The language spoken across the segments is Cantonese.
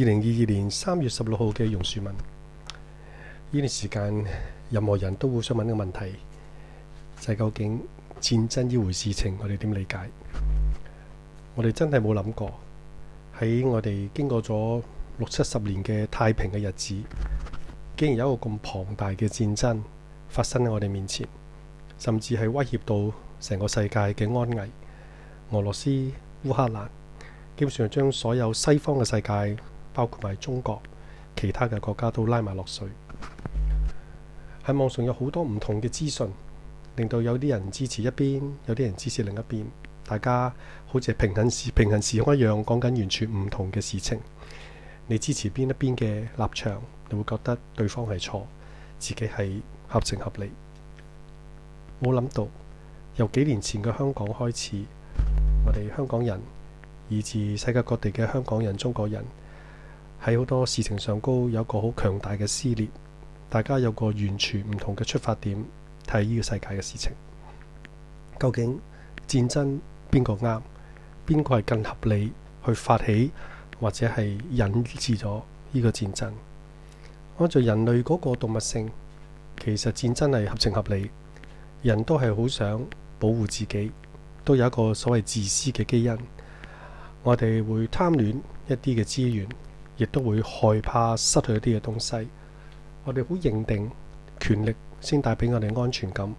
二零二二年三月十六號嘅榕樹文：呢段時間，任何人都會想問嘅問題就係究竟戰爭呢回事情，我哋點理解？我哋真係冇諗過喺我哋經過咗六七十年嘅太平嘅日子，竟然有一個咁龐大嘅戰爭發生喺我哋面前，甚至係威脅到成個世界嘅安危。俄羅斯烏克蘭基本上將所有西方嘅世界，包括埋中國其他嘅國家都拉埋落水。喺網上有好多唔同嘅資訊，令到有啲人支持一邊，有啲人支持另一邊。大家好似平行時平行時空一樣，講緊完全唔同嘅事情。你支持邊一邊嘅立場，你會覺得對方係錯，自己係合情合理。冇諗到由幾年前嘅香港開始，我哋香港人，以至世界各地嘅香港人、中國人。喺好多事情上高有個好強大嘅撕裂，大家有個完全唔同嘅出發點睇呢個世界嘅事情。究竟戰爭邊個啱，邊個係更合理去發起或者係引致咗呢個戰爭？按照人類嗰個動物性，其實戰爭係合情合理。人都係好想保護自己，都有一個所謂自私嘅基因。我哋會貪戀一啲嘅資源。亦都會害怕失去一啲嘅東西。我哋好認定權力先帶俾我哋安全感，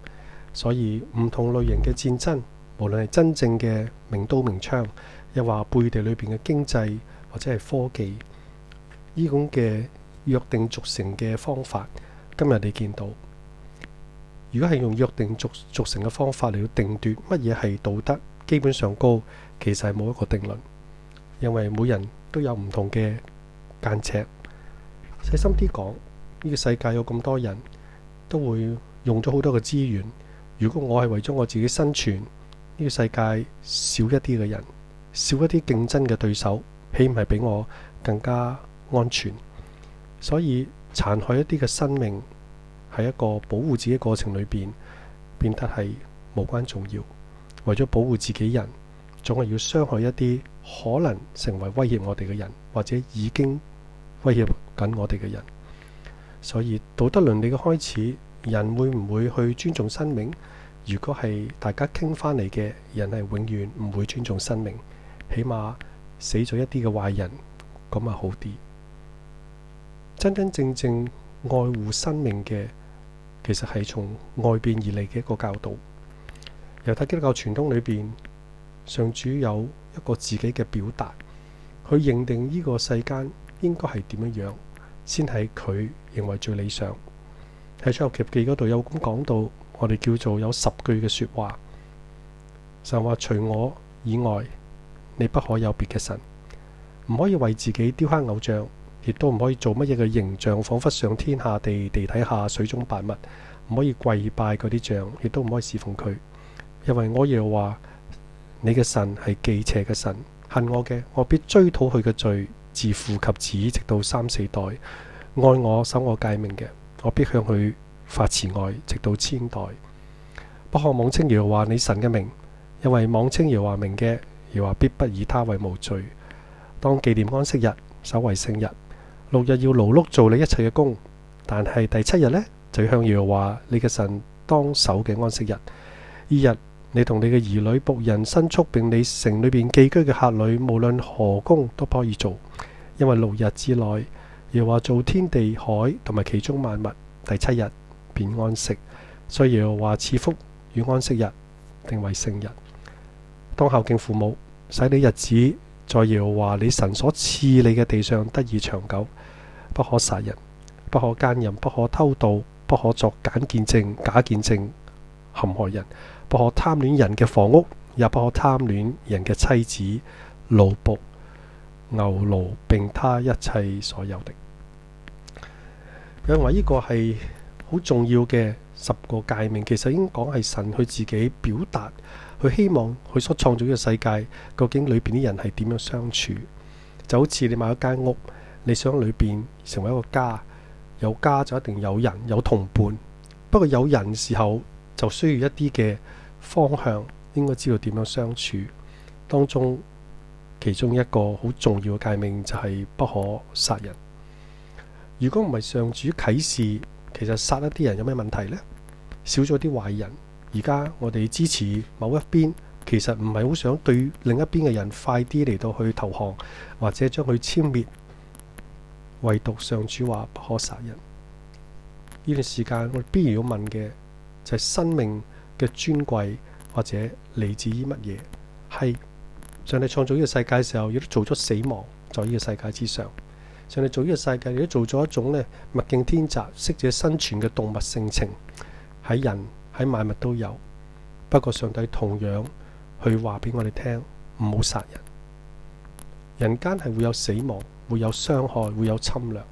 所以唔同類型嘅戰爭，無論係真正嘅名刀名槍，又或背地裏邊嘅經濟或者係科技呢種嘅約定俗成嘅方法。今日你見到，如果係用約定俗俗成嘅方法嚟到定奪乜嘢係道德，基本上高其實係冇一個定論，因為每人都有唔同嘅。間尺細心啲講，呢個世界有咁多人，都會用咗好多嘅資源。如果我係為咗我自己生存，呢個世界少一啲嘅人，少一啲競爭嘅對手，豈唔係比我更加安全？所以殘害一啲嘅生命，喺一個保護自己過程裏邊變得係無關重要。為咗保護自己人，總係要傷害一啲可能成為威脅我哋嘅人，或者已經。威脅緊我哋嘅人，所以道德倫理嘅開始，人會唔會去尊重生命？如果係大家傾翻嚟嘅人係永遠唔會尊重生命，起碼死咗一啲嘅壞人咁啊，好啲。真真正正愛護生命嘅，其實係從外邊而嚟嘅一個教導。猶太基督教傳統裏邊，上主有一個自己嘅表達，去認定呢個世間。應該係點樣樣先係佢認為最理想？喺《出埃及記》嗰度有咁講到，我哋叫做有十句嘅說話。就話除我以外，你不可有別嘅神，唔可以為自己雕刻偶像，亦都唔可以做乜嘢嘅形象，仿彿上天下地地底下水中百物，唔可以跪拜嗰啲像，亦都唔可以侍奉佢，因為我又話你嘅神係忌邪嘅神，恨我嘅，我必追討佢嘅罪。自父及子，直到三四代，愛我、守我誡命嘅，我必向佢發慈愛，直到千代。不可妄稱耶和華你神嘅名，因為妄稱耶和華名嘅，耶和華必不以他為無罪。當紀念安息日，守為聖日。六日要勞碌做你一切嘅工，但係第七日呢，就要向耶和華你嘅神當守嘅安息日。呢日，你同你嘅兒女僕人、牲畜，並你城裏邊寄居嘅客旅，無論何工都不可以做。因為六日之內，耶和華造天地海同埋其中萬物，第七日便安息，所以耶和華賜福與安息日定為聖日，當孝敬父母，使你日子在耶和華你神所賜你嘅地上得以長久，不可殺人，不可奸淫，不可偷盜，不可作假見證、假見證陷害人，不可貪戀人嘅房屋，也不可貪戀人嘅妻子、奴僕。牛奴並他一切所有的。有人話呢個係好重要嘅十個誡命，其實已經講係神佢自己表達，佢希望佢所創造嘅世界究竟裏邊啲人係點樣相處，就好似你買咗間屋，你想裏邊成為一個家，有家就一定有人有同伴，不過有人嘅時候就需要一啲嘅方向，應該知道點樣相處當中。其中一個好重要嘅誡命就係不可殺人。如果唔係上主啟示，其實殺一啲人有咩問題呢？少咗啲壞人，而家我哋支持某一邊，其實唔係好想對另一邊嘅人快啲嚟到去投降，或者將佢殲滅。唯獨上主話不可殺人。呢段時間我哋必然要問嘅就係、是、生命嘅尊貴或者嚟自於乜嘢係？上帝創造呢個世界嘅時候，亦都做咗死亡在呢個世界之上。上帝做呢個世界，亦都做咗一種呢物競天擇、適者生存嘅動物性情喺人喺萬物都有。不過上帝同樣去話俾我哋聽，唔好殺人。人間係會有死亡、會有傷害、會有侵略，呢、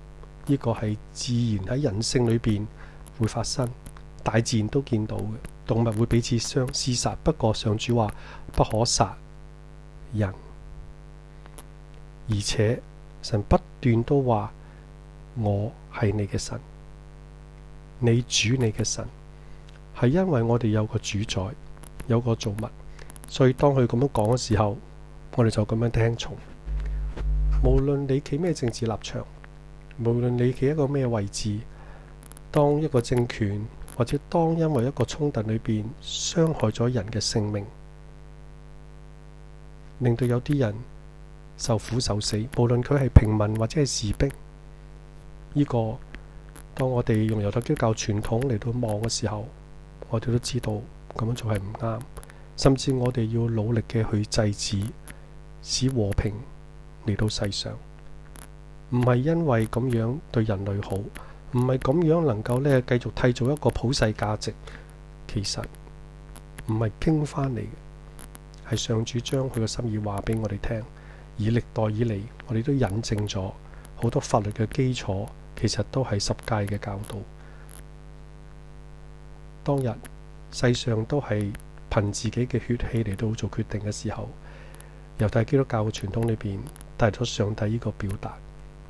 這個係自然喺人性裏邊會發生，大自然都見到嘅動物會彼此相廝殺。不過上主話不可殺人，而且神不斷都話我係你嘅神，你主你嘅神，係因為我哋有個主宰，有個造物，所以當佢咁樣講嘅時候，我哋就咁樣聽從。無論你企咩政治立場，無論你企一個咩位置，當一個政權或者當因為一個衝突裏邊傷害咗人嘅性命。令到有啲人受苦受死，無論佢係平民或者係士兵，呢、這個當我哋用猶太教傳統嚟到望嘅時候，我哋都知道咁樣做係唔啱。甚至我哋要努力嘅去制止，使和平嚟到世上，唔係因為咁樣對人類好，唔係咁樣能夠咧繼續締造一個普世價值。其實唔係傾翻嚟嘅係上主將佢個心意話俾我哋聽，以歷代以嚟，我哋都引證咗好多法律嘅基礎，其實都係十戒嘅教導。當日世上都係憑自己嘅血氣嚟到做決定嘅時候，猶太基督教嘅傳統裏邊帶咗上帝呢個表達，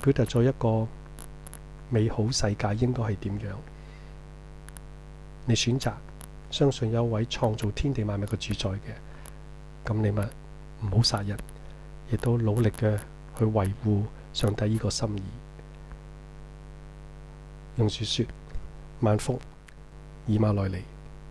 表達咗一個美好世界應該係點樣。你選擇相信有一位創造天地萬物嘅主宰嘅。咁你咪唔好殺人，亦都努力嘅去維護上帝呢個心意。用書説：「萬福，以馬內利。」